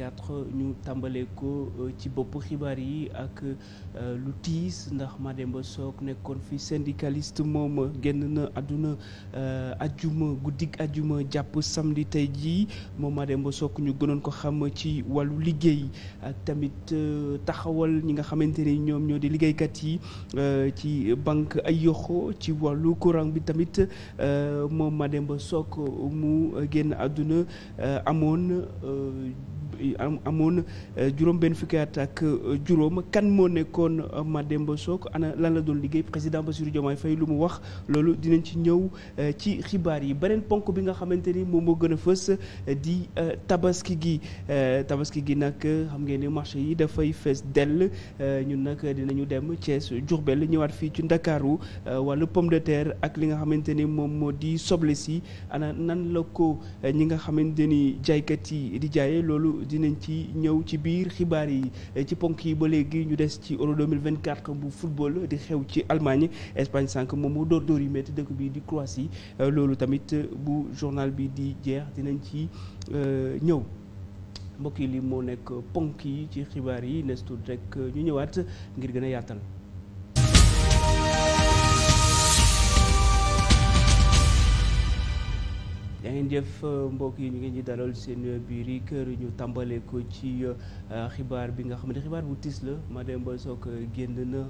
2024 ñu tàmbalee ko euh, ci boppu xibaar yi ak euh, lu tiis ndax Mademba sook nekkoon fi syndicaliste moom génn na àdduna ajjuma euh, guddig ajjuma jàpp samedi tey jii moom Mademba Sock ñu gënoon ko xam ci wàllu liggéey ak tamit taxawal ñi nga xamante ni ñoom ñoo di liggéeykat yi ci banque ay yoxo ci wàllu courant bi tamit moom Mademba Sock mu génn àdduna amoon ci am amoon eh, juróom benn fukki at ak eh, juróom kan moo nekkoon eh, Mademba Sock ana lan la doon liggéey président Bassirou Diomaye Faye lu mu wax loolu dinañ ci ñëw ci xibaar yi beneen ponk bi nga xamante ni moom moo gën a fës di tabaski gi tabaski gi nag xam ngeen ni marché yi dafay fees dell ñun nag dinañu dem Thiès Diourbel ñëwaat fii ci Ndakaaru wàllu pomme ak li nga xamante ni moom moo di soble si ana nan la ko ñi nga xamante ni jaaykat yi di jaayee loolu dinañ ci ñëw ci biir xibaar yi ci ponk yi ba léegi ñu des ci euro 2024 bu football di xew ci Allemagne Espagne sànq moom mu dóor door yi métti dëkk bi di Croatie loolu tamit bu journal bi di jeex dinañ ci euh, ñëw. mbokk yi li moo nekk ponk yi ci xibaar yi nees tuut rek ñu ñëwaat ngir gën a yaatal. jëf mbokk yi ñu ngi ñuy ko ci euh, xibaar bi nga xam ne xibaar la Mademba Sock génn euh,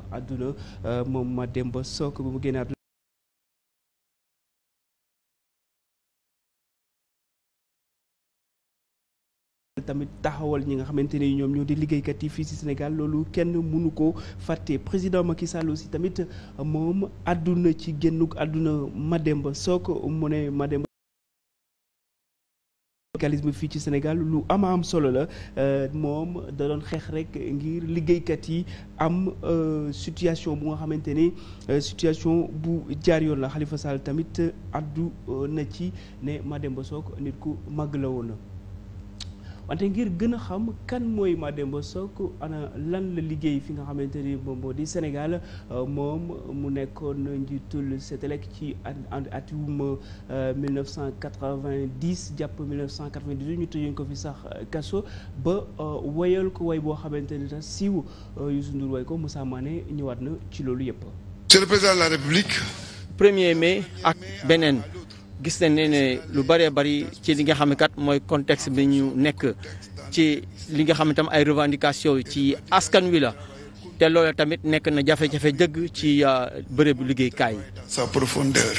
tamit taxawal ñi nga xamante ni ñoom ñoo di liggéeykat yi fii ci Sénégal loolu kenn mënu ko fàtte président Macky Sall tamit moom àdduna ci génnuk àdduna Mademba Sock mu Mademba localisme fii ci Sénégal lu am am solo la euh, moom da doon xeex rek ngir liggéeykat yi am euh, situation bu nga xamante ne euh, situation bu jaar yoon la xalifa Sall tamit addu na ci ne Mademba Sock nit ku màgg la woon. wante ngir gën a xam kan mooy Mademba Seck ana lan la liggéey fi nga xamante ni moom moo di Sénégal euh, moom mu nekkoon njiitul Sétélec ci at atum 1990 euh, jàpp 1998 ñu tëjoon ko fi sax kaso ba euh, woyal ko woy boo xamante ni sax siiw Youssou Ndour way ko Moussa Mané ñëwaat na ci loolu yëpp. Monsieur le la République. premier mai ak beneen. gis nañ ne ne lu bëree bëri ci li nga xam ne mooy contexte bi ñu nekk ci li nga xam ne tam ay revendication ci askan wi la te loolu tamit nekk na jafe-jafe dëgg ci euh, bërëbu liggéeykaay yi. sa profondeur.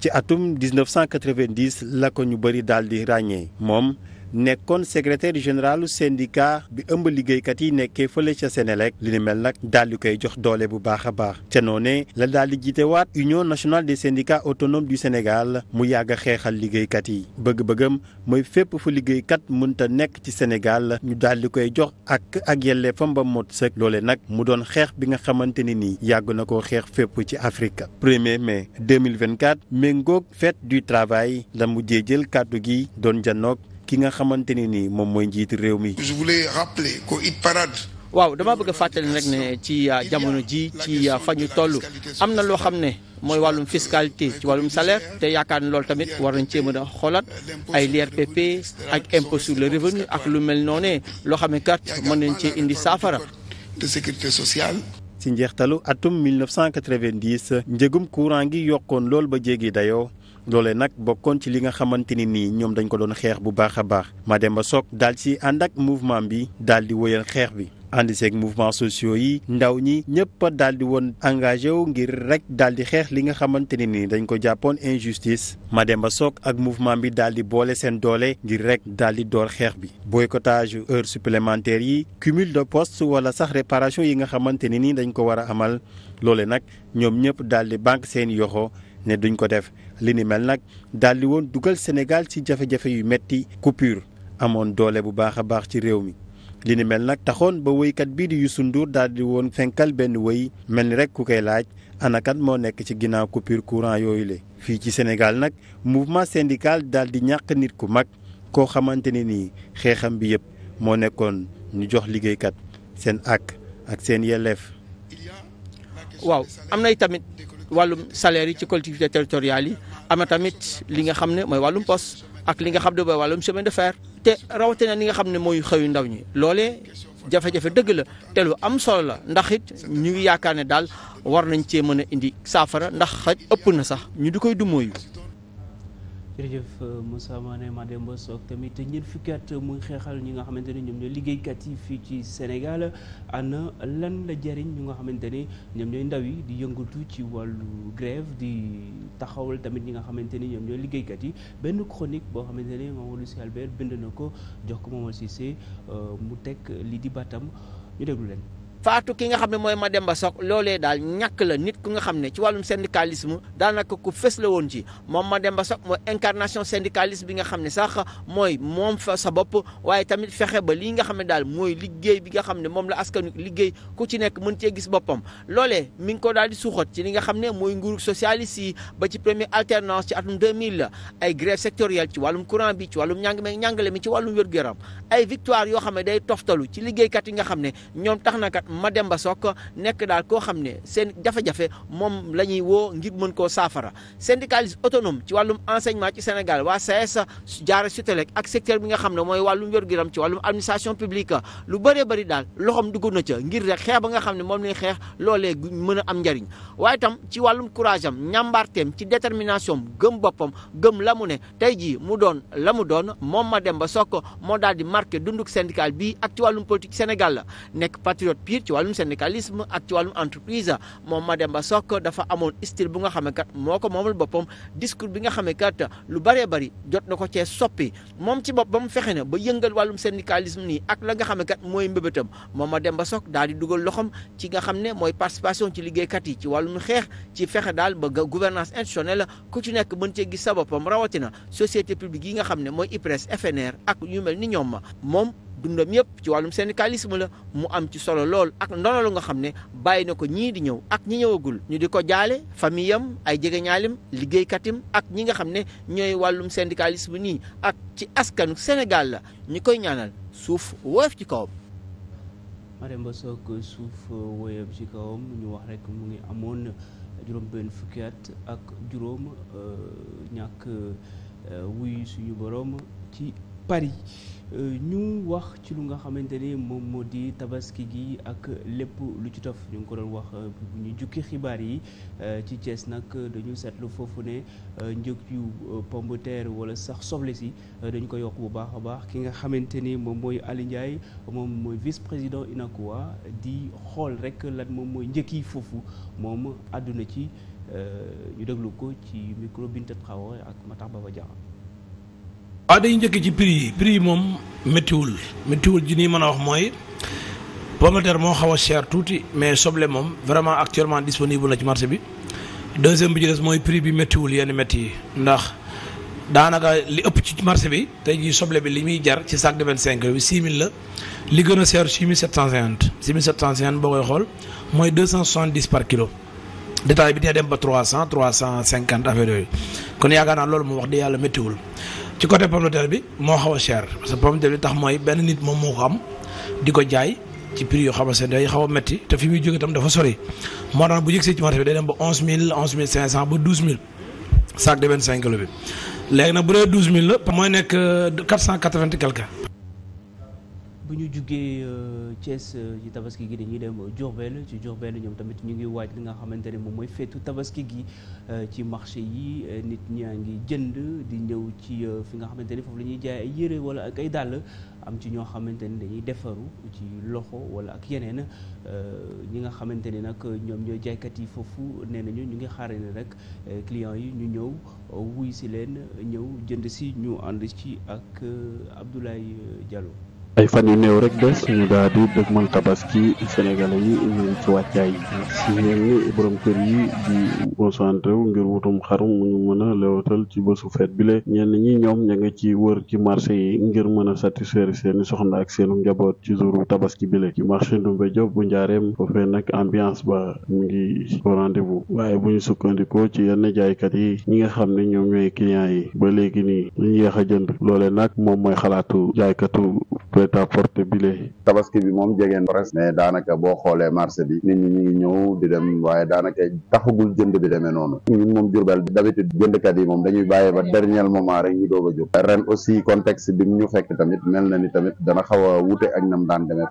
ci atum 1990 la ko ñu bëri daal di ràññee moom. nekkoon secrétaire général syndicat bi ëmb liggéeykat yi nekkee fële ca Sénélec li ne mel nag daal di koy jox doole bu baax a baax te noonee la daal di waat union nationale des syndicats autonome du Sénégal mu yàgg xeexal liggéeykat yi bëgg-bëggam mooy fépp fu liggéeykat mënta nekk ci Sénégal ñu daal di koy jox ak ak yelleefam ba mot sëkk nag mu doon xeex bi nga xamante ni nii yàgg na koo xeex fépp ci Afrique. 1er mai 2024 méngoog fête du travail la mujjee jël kàddu gi doon janoog ki nga xamante ne nii moom mooy njiitu réew mi. je voulais rappeler waaw dama bëgg a fàttali rek ne ci euh, jamono ji ci euh, fa ñu toll am na loo xam ne mooy wàllum fiscalité ci wàllum salaire te yaakaar ne loolu tamit war nañ cee mën a xoolaat ay l'IRPP ak impôt sur le ak lu mel noonu loo xam ne kat mën nañ cee indi saafara. de sécurité sociale. ci njeextalu atum 1990 njëgum courant gi yokkoon lool ba jéggi dayoo. loole nag bokkoon ci li nga xamante ni nii ñoom dañ ko doon xeex bu baax a baax ba Sock daal ci ànd ak mouvement bi daal di wëyal xeex bi ànd seeg mouvement sociaux yi ndaw ñi ñëpp daal di woon engagé wu ngir rek daal di xeex li nga xamante ne nii dañ ko jàppoon injustice ba Sock ak mouvement bi daal di boole seen doole ngir rek daal di door xeex bi boycottage heures supplémentaires yi cumul de post wala sax réparation yi nga xamante ne ni dañ ko war a amal loole nag ñoom ñëpp daal di banque seen yoxo ne duñ ko def li ni mel nag daal di woon dugal Sénégal ci jafe-jafe yu metti coupure amoon doole bu baax a baax ci réew mi li ni mel nag taxoon ba woykat bii di sunduur Ndour daal di woon fenkal benn woy mel ni rek ku koy laaj anakat moo nekk ci ginnaaw coupure courant yooyu le fii ci Sénégal nag mouvement syndical daal di ñàkk nit ku mag koo xamante ne nii xeexam bi yépp moo nekkoon ñu jox liggéeykat seen àq ak seen yelleef waaw am nay tamit wàllum salaire yi ci collectivité territoriales yi ama tamit li nga xam ne mooy wàllum poste ak li nga xam ne mooy wàllum chemin de fer te rawatina li nga xam ne mooy xëyu ndaw ñi loolee jafe-jafe dëgg la te lu am solo la ndax it ñu ngi yaakaar ne daal war nañ cee mën a indi saafara ndax xaj ëpp na sax ñu di koy dumóoyu jërëjëf euh, Moussa Mané Mademba Sock tamit ñeent fukki at muy xeexal ñi nga xamante ne ñoom ñooy liggéeykat yi fii ci Sénégal ana lan la jariñ ñu nga xamante ne ñoom ñooy ndaw yi di yëngatu ci wàllu grève di taxawal tamit ñi nga xamante ni ñoom ñooy liggéeykat yi benn chronique boo xamante ne Mamadou Lucie Albert bind na ko jox ko Mamadou Cissé euh, mu teg lii di bàttam ñu déglu leen. faatu ki nga xam ne mooy ma dem ba Sock loolee daal ñàkk la nit ku nga xam ne ci wàllum syndicalisme daanaka ko fës la woon ci moom Mademba Sock mooy incarnation syndicalisme bi nga xam ne sax mooy moom fa sa bopp waaye tamit fexe ba lii nga xam ne daal mooy liggéey bi nga xam ne moom la askanu liggéey ku ci nekk mën cee gis boppam loolee mi ngi ko daal di suuxat ci li nga xam ne mooy nguuru socialiste yi ba ci première alternance ci atum 2000 la ay grève sectorielle ci wàllum courant bi ci wàllum njàng meeg njàngale mi ci wàllum wér-gu-yaram ay yoo xam ne day toftalu ci liggéeykat yi nga xam ne ñoom tax na Mademba Sock nekk daal koo xam ne seen jafe-jafe moom la ñuy woo ngir mën koo saafara syndicaliste autonome ci wàllum enseignement ci Sénégal waa SAES jaare SUTELEC ak secteur bi nga xam ne mooy wàllum wér-gu-yaram ci wàllum administration publique lu baree bëri daal loxoom dugg na ca ngir rek xeex ba nga xam ne moom lay xeex loolee mën am njariñ waaye tam ci wàllum courage am ñàmbaarteem ci détermination gëm boppam gëm la mu ne tey jii mu doon la mu doon moom Mademba Sock moo daal di marqué dunduk syndical bii ak ci wàllum ci wàllum syndicalisme ak ci wàllum entreprise moom ba Sock dafa amoon style bu nga xam kat moo ko moomal boppam discours bi nga xamee ne kat lu bëree jot na ko cee soppi moom ci boppam fexe ne ba yëngal wàllum syndicalisme nii ak la nga xam kat mooy mbébétam moom Mademba Sock daal di dugal loxoom ci nga xam ne mooy participation ci liggéeykat yi ci wàllum xeex ci fexe daal ba gouvernance institutionnelle ku ci nekk mën cee gis sa boppam rawatina société publique yi nga xam ne mooy IPRES FNR ak ñu mel ni ñoom moom dundam yëpp ci wàllum syndicalisme la mu am ci solo lool ak ndono lu nga xam ne bàyyi na ko ñii di ñëw ak ñi ñëwagul ñu di ko jaale famille am ay jegeñaalim liggéeykatim ak ñi nga xam ne ñooy wàllum syndicalisme nii ak ci askanu Sénégal la ñu koy ñaanal suuf woyof ci kawam. Maremba Sock suuf woyof ci kawam ñu wax rek mu ngi amoon juróom benn fukki at ak juróom euh, ñàkk euh, wuy suñu borom ci Paris. Euh, ñu wax ci lu nga xamante ni moom moo di tabaski gi ak lépp lu ci tof ñu ngi ko doon wax euh, bu ñu jukki xibaar yi euh, ci Thiès nag dañu seetlu foofu ne njëg yu pomme de terre wala sax soble si dañu ko yokk bu baax a baax ki nga xamante ni moom mooy Aly moom mooy vice président UNACOIS di xool rek lan moom mooy njëkk yi foofu moom àdduna ci ñu déglu ko ci micro Binta Traoré ak Matar Baba Diarra waaw ah, dañuy njëkk ci prix yi prix yi moom méttiwul méttiwul ji nii mën a wax mooy pomme de moo xaw a cher tuuti mais soble moom vraiment actuellement disponible la ci marché bi deuxième bi ci des mooy prix bi méttiwul yenn métti yi ndax daanaka li ëpp ci marché bi te jii soble bi li muy jar ci sac de vingt cinq bi six mille la li gën a cher six mille sept cent cinquante six mille sept cent cinquante boo koy xool mooy deux cent par kilo détail bi dina dem ba trois cent trois cent cinquante affaire yooyu kon yaakaar loolu moom wax di yàlla méttiwul ci côté pomme de terre bi moo xaw a cher parce que pomme de terre bi tax mooy benn nit moom moo ko am di ko jaay ci prix yoo xamante ne day xaw a métti te fi muy jóge tam dafa sori moo tax bu yëgsee ci marché bi day dem ba onze mille onze mil cinq cent ba douze mil sac de vingt cinq kilos bi léegi nag bu dee douze mille la mooy nekk quatre cent quatre-vingt quelque bu ñu jugee euh, Thiès euh, ci tabaski gi dañuy dem Diourbel ci Diourbel ñoom tamit ñu ngi waaj li nga xamante ne moom mooy feetu tabaski gi euh, ci marché yi nit ñaa ngi jënd di ñëw ci fi nga xamante ne foofu la ñuy jaay ay yére wala ak ay dàll am ci ñoo xamante ne dañuy defaru ci loxo wala ak yeneen ñi nga xamante ne nag ñoom ñoo jaaykat yi foofu nee nañu ñu ngi xaarale ne rek clients yi ñu ñëw wuy si leen ñëw jënd si ñu ànd ci ak Abdoulaye Diallo ay fan yu néew rek des ñu daal di dëgmal tabaski sénégalais yi ñu ci wàccaay si ñenn borom kër yi di concentré wu ngir wutum xarum mu ñu mën a lewatal ci bésu feet bi le ñi ñoom ña ci wër ci marché yi ngir mën a satisfaire seeni soxna ak seenu njaboot ci jouru tabaski bi le ci marché Ndoumbé Diop bu njaareem foofee nag ambiance ba mu ngi au rendez-vous waaye bu ñu sukkandikoo ci yenn jaaykat yi ñi nga xam ne ñoom ñooy client yi ba léegi nii ñu yéex a jënd loole nag moom mooy xalaatu jaaykatu prêt-à-porter bi le tabaski bi moom jegeen presque mais daanaka boo xoolee marché bi demee noonu ñun moom Jurbel d'habitude jëndkat yi moom dañuy bàyyee ba dernier moment rek ñu doog a jóg ren aussi contexte bi mu ñu fekk tamit mel na ni tamit dana xaw a wute ak nam daan demee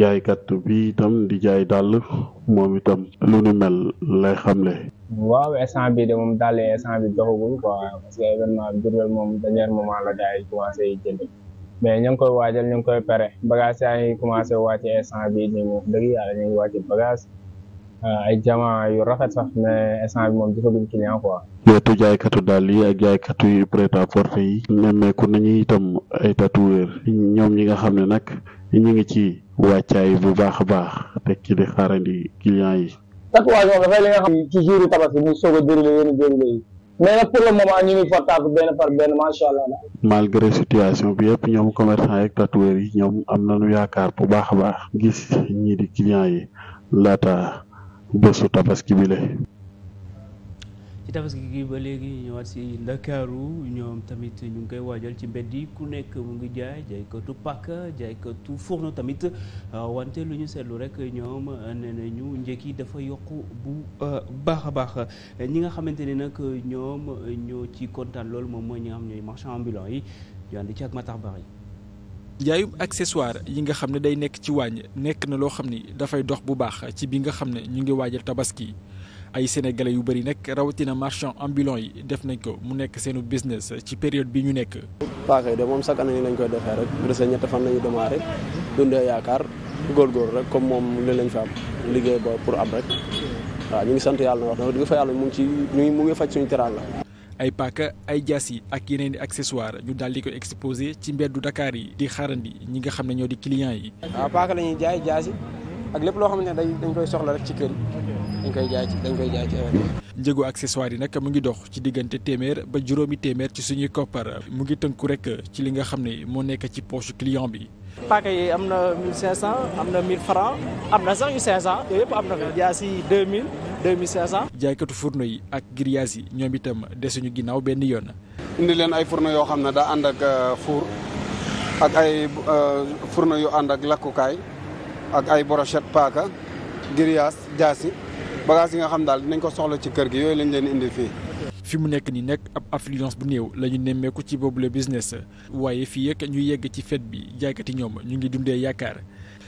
jaaykat bi itam di jaay dàll moom itam lu nu mel lay xamle waaw instant bi de moom daal instant bi doxagul quoi parce que événement bi Diourbel moom dernier moment la gars yi commencé jënd mais ñu ngi koy waajal ñu ngi koy pare bagage yaa ngi commencé wàcce instant bi nii moom dëgg yàlla Ah, ay jamaa yu rafet sax mais instant bi moom gisaguñ client yi ak nañu itam ay tatoueur ñoom ñi nga xam ne nag ñu ngi ci wàccaay bu baax a baax teg ci di client yi. tatouage moom a déroulé yenn yi. mais nag pour le moment ñu ngi fortaatu benn malgré situation bi yëpp ñoom commercant yeeg tatoueur yi ñoom am na nañu yaakaar bu baax a baax gis ñii di client yi laata. bésu tabaski bi la ci tabaski gi ba léegi ñëwaat si ndakaaru ñoom tamit ñu ngi koy waajal ci mbedd yi ku nekk mu ngi jaay jaaykatu pàkk jaaykatu fourneau tamit euh, wante lu ñu seetlu rek ñoom euh, nee nañu njëkk yi dafa yokk bu euh, baax a baax ñi nga xamante ne nag ñoom ñoo ci kontaan loolu moom mooy ñu am xam ñooy marchand ambulant yi ñu ànd ci ak Matar Bari yi jaayum accessoire yi nga xam ne day nekk ci wàññ nekk na loo xam ni dafay dox bu baax ci bi nga xam ne ñu ngi waajal tabaski ay sénégalais yu bari nag rawatina marchand ambulant yi def nañ ko mu nekk seenu business ci période bi ñu nekk. paaka yi de moom chaque année lañ koy defee rek bu desee ñett fan la ñu démarré dundee yaakaar góor rek comme moom li lañ fa am liggéey ba pour am rek waa ñu ngi sant yàlla na wax dëgg fa yàlla mu ngi ci mu ngi faj suñu teraanga. ay paaka ay jaas yi ak yeneen i accessoire ñu daal di ko exposé ci mbeddu ndakaar yi di xarandi ñi nga xam ne ñoo di clients yi. waaw ah, paaka la ñuy jaay jaas yi ak lépp loo xam ne dañ koy soxla rek ci kër yi dañ koy jaay ci dañ koy jaay ci njëgu accessoire yi nag mu ngi dox ci diggante téeméer ba juróomi téeméer ci suñuy koppar mu ngi tënku rek ci li nga xam ne moo nekk ci poche client bi. paaka yi am na 1500 am na 1000 am na sax yu 500 yooyu yëpp am na fi jaasi 2000 2500. jaaykatu furno yi ak grillage yi ñoom itam suñu ginnaaw benn yoon. indi leen ay fourneau yoo xam ne daa ànd ak euh, four ak ay euh, fourneau yu ànd ak lakkukaay ak ay brochette paaka grillage jaasi. bagage yi nga xam daal dinañ ko soxla ci kër gi yooyu lañ leen indil fii. fi mu nekk nii nag ab affluence bu néew la ñu nemmeeku ci boobu la business waaye fii yëg ñu yegg ci fête bi jaakati ñoom ñu ngi dundee yaakaar.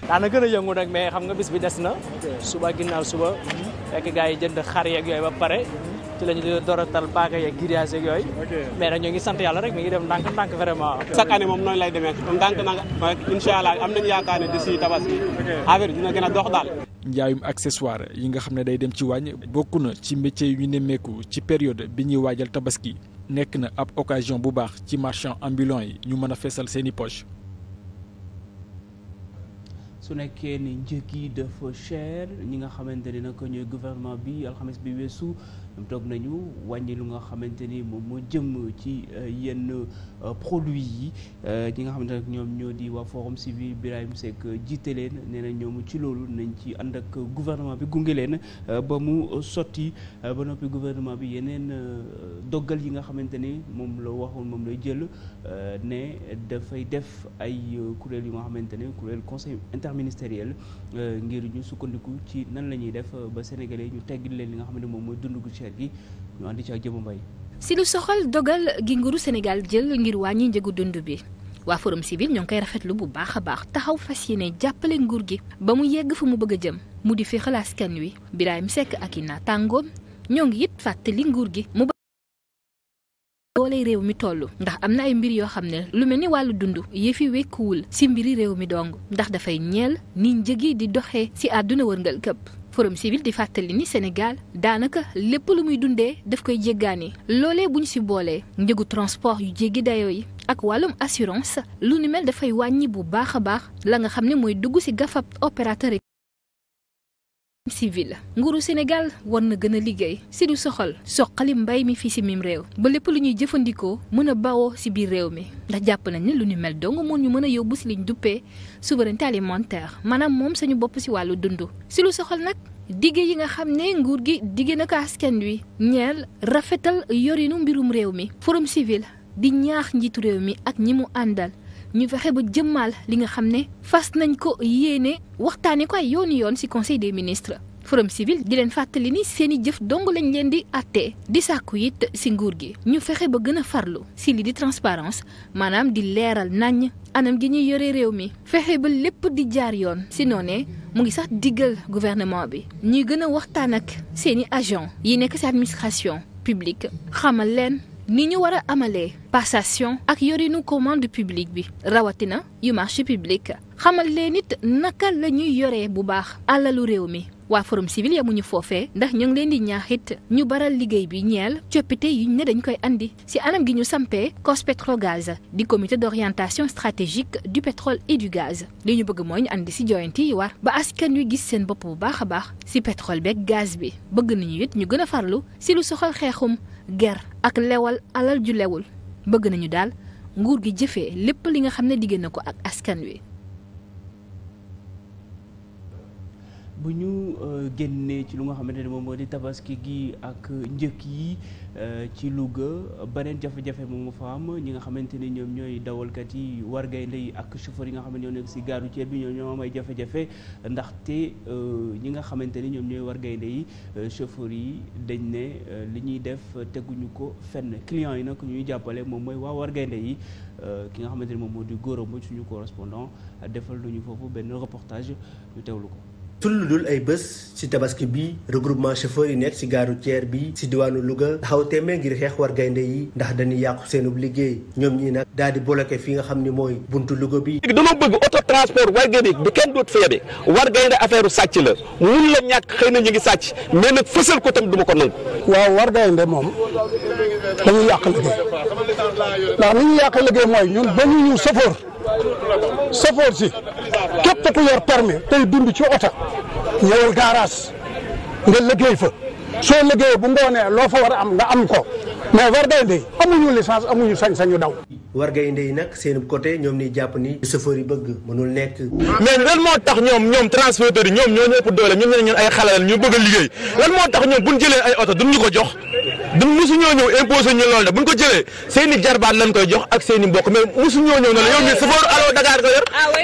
daana gën a yëngu nag mais xam nga bis bi des na. suba ginnaaw suba. fekk gars yi jënd xar yeeg yooyu ba pare. ci la ñu di dooratal paaka yeeg grillage yeeg yooyu. mais nag ñoo ngi sant yàlla rek mi ngi dem ndànk-ndànk vraiment. chaque année moom noonu lay demee ndànk-ndànk. incha allah am nañu yaakaar ne d'ici tabaski. bi dina gën a dox daal. njaayum accessoire yi nga xam ne day dem ci wàññ bokk na ci métier yu ñu nemmeeku ci période bi ñuy waajal tabaski nekk na ab occasion bu baax ci marchand ambulant yi ñu mën a feesal seeni poche su nekkee ni njëg yi dafa cher ñi nga xamante ni nag ñooy gouvernement bi alxames bi weesu toog nañu wàññi lu nga xamante ni moom moo jëm ci euh, yenn euh, produits yi euh, ñi nga xamante ne ñoom ñoo di waa forum civil Birahim Seck jiite leen nee na ñoom ci loolu nañ ci ànd ak gouvernement bi gunge leen ba mu sotti ba noppi gouvernement bi yeneen doggal yi nga xamante ni moom la waxoon moom lay jël ne dafay def ay kuréel yu nga xamante ne kuréel conseil interministériel ngir ñu sukkandiku ci nan la ñuy def ba sénégalais ñu teggil leen li nga xamante moom mooy dund gu màggat gi ñu andi ci ak jëmu lu soxal dogal gi nguuru Sénégal jël ngir wàññi njëgu dund bi waa forum civil ñoo ngi koy rafetlu bu baax a baax taxaw fas yéene jàppale nguur gi ba mu yegg fu mu bëgg a jëm mu di féexal askan wi Birahim Seck ak i naataangoom ñoo ngi it fàttali nguur gi mu doole réew mi toll ndax am na ay mbir yoo xam ne lu mel ni wàllu dund yëfi wekkuwul ci mbiri réew mi dong ndax dafay ñeel ni njëg yi di doxee ci àdduna wërngal këpp forum civil di fàttali ni Sénégal daanaka lépp lu muy dundee daf koy jéggaani loolee bu ñu si boolee njëgu transport yu jéggi dayoo yi ak wàllum assurance lu ni mel dafay wàññi bu baax a baax la nga xam ne mooy dugg si gafab opérateur yi civil nguuru Sénégal war na gën a liggéey si soxal soqali mbay mi fii si mim réew ba lépp lu ñuy jëfandikoo mën a bawoo si biir réew mi ndax jàpp nañ lu ñu mel dong moo ñu mën a yóbbu si liñ duppee souveraineté alimentaire maanaam moom sañu bopp si wàllu dund si soxal nag digge yi nga xam ne nguur gi digge na ko askan wi ñeel rafetal yorinu mbirum réew mi forum civil di ñaax njiitu réew mi ak ñi mu àndal ñu fexe ba jëmmaal li nga xam ne fas nañ ko yéene waxtaanee ko ay yoon yoon ci conseil des ministres. forum civil di leen fàttali ni seeni jëf dong lañ leen di àttee di sàkku it ci nguur gi ñu fexe ba gën a farlu ci lii di transparence maanaam di leeral naññ anam gi ñuy yore réew mi fexe ba lépp di jaar yoon ci noonee mu ngi sax diggal gouvernement bi ñuy gën a waxtaan ak seeni i agent yi nekk ci administration publique xamal leen ni ñu war a amalee passation ak yorinu commande publique bi rawatina yu marché public xamal leen nit naka la ñuy yoree bu baax alalu réew mi. waa forum civil yamuñu foofee ndax ñu ngi leen di ñaaxit ñu baral liggéey bi ñeel coppite yiñ ne dañ koy indi si anam gi ñu sampe COS-Petrogaz di comité d'orientation stratégique du pétrole et du gaz li ñu bëgg mooy ñu andi si joyante yi war ba askan wi gis seen bopp bu baax a baax si pétrole beeg gaz bi bëgg nañu it ñu gën a farlu si lu soxal xeexum ger ak lewal alal ju lewul bëgg nañu daal nguur gi jëfee lépp li nga xam ne digg na ko ak askan wi bu ñu euh, génnee ci lu nga xamante ne moom moo di tabaski gi ak njëkk yi euh, ci Louga beneen jafe-jafe moom moo fa am ñi nga xamante ne ñoom ñooy dawalkat yi war gaynde yi ak chauffeur yi nga xam ne ñoo si gare routière bi ñoom ñoo am ay jafe-jafe ndaxte euh, ñi nga xamante ne ñoom ñooy war gaynde yi chauffeur yi dañ ne li ñuy def teguñu ko fenn client yi nag ñuy jàppale moom mooy waa war gaynde yi ki nga xamante ne moom moo di góor a suñu correspondant defal nañu foofu benn reportage ñu teewlu ko. tulludul ay bés ci tabaski bi regroupement chauffeur yi nekk ci gaaru ceer bi ci diwaanu luga taxaw téeméer ngir xeex war gaynde yi ndax dañuy yàqu seenub liggéey ñoom ñi nag daal di bloqué fi nga xam ni mooy buntu luga bi léegi dañoo bëgg auto transport war gaynde bi kenn doot fayabe war gaynde affaire sàcc la mun la ñàkk xëy na ñu ngi sàcc mais nag fësal ko tamit du ma ko nangu waaw war gaynde moom dañuy yàq liggéey mooy ñun ba ñu ñu chauffeur safoor si képp ku yor permis tey dund ci oto ñëwal garage nga liggéey fa soo liggéeyee bu ngoonee loo fa war a am nga am ko mais war day ndey amuñu licence amuñu sañ-sañu daw war wargaynde yi nag seen côté ñoom ni jàpp ni chauffeur yi bëgg mënul nekk mais lan moo tax ñoom ñoom transporteurs yi ñoom ñoo ñëpp doole ñoom ñene ñeen ay xale la ñu bëgg a liggéey lan moo tax ñoom buñ jëlee ay oto duñ ñu ko jox duñ musu ñoo ñëw imposé ñu loolu de buñ ko jëlee seen i jarbaat lañ koy jox ak seen i mbokk mais musu ah ma jox la chauffeur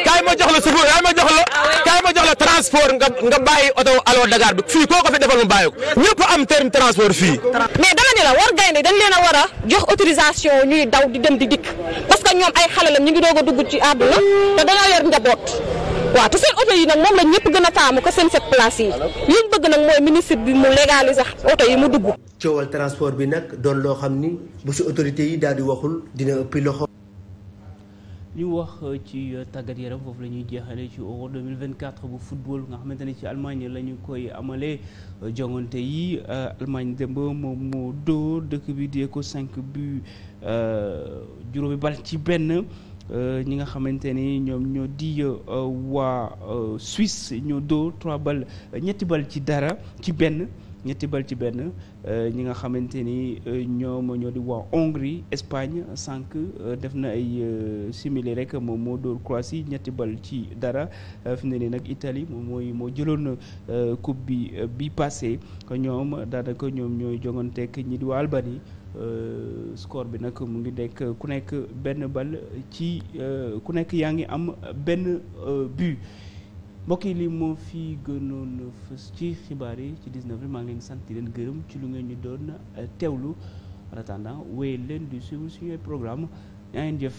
kaay jox la ah kaay ma jox la transport nga nga bàyyi oto allo Dakar bi fii koo ko fi defal mu bàyyi ko ñëpp am terme transport fii mais dama ne la wargaynde dañ leen a war jox autorisation ñuy daw di dem di dikk parce que ñoom ay xale la ñu ngi doog a dugg ci àdduna te dañoo yor njaboot waaw te seen oto yi nag moom la ñëpp gën a taamu ko seen set place yi li ñu bëgg nag mooy ministre bi mu sax oto yi mu dugg. coowal transport bi nag doon loo xam ni bu si autorité yi daal di waxul dina ëppi loxo. ñu wax euh, ci euh, tàggat yaram foofu la ñuy jeexale ci euro 2024 bu football nga xamante ne ci Allemagne la ñu koy amalee euh, jongante yi Allemagne démb moom moo dóor dëkk bi dee ko cinq buts. Euh, juróomi bal ci benn euh, ñi nga xamante ni ñoom ñoo di euh, waa Suisse ñoo doo trois bal ñetti bal ci dara ci benn ñetti bal ci benn ñi nga xamante ni ñoom ñoo di waa Hongrie Espagne sànq def na ay simili rek moom moo dóor Croatie ñetti bal ci dara fi mu nii nag Italie moom mooy moo jëloon coupe bi bi passé ñoom daanaka ñoom ñooy jonganteeg ñi di waa Albanie Euh, score bi nag mu ngi nekk ku nekk benn bal ci euh, ku nekk yaa ngi am benn euh, but mbokk yi lii moo fi gënoon fës ci xibaar yi ci 19 bi maa ngi leen sant di leen gërëm ci lu ngeen ñu doon teewlu en attendant leen di suivre suñuy programme yaa ngeen jëf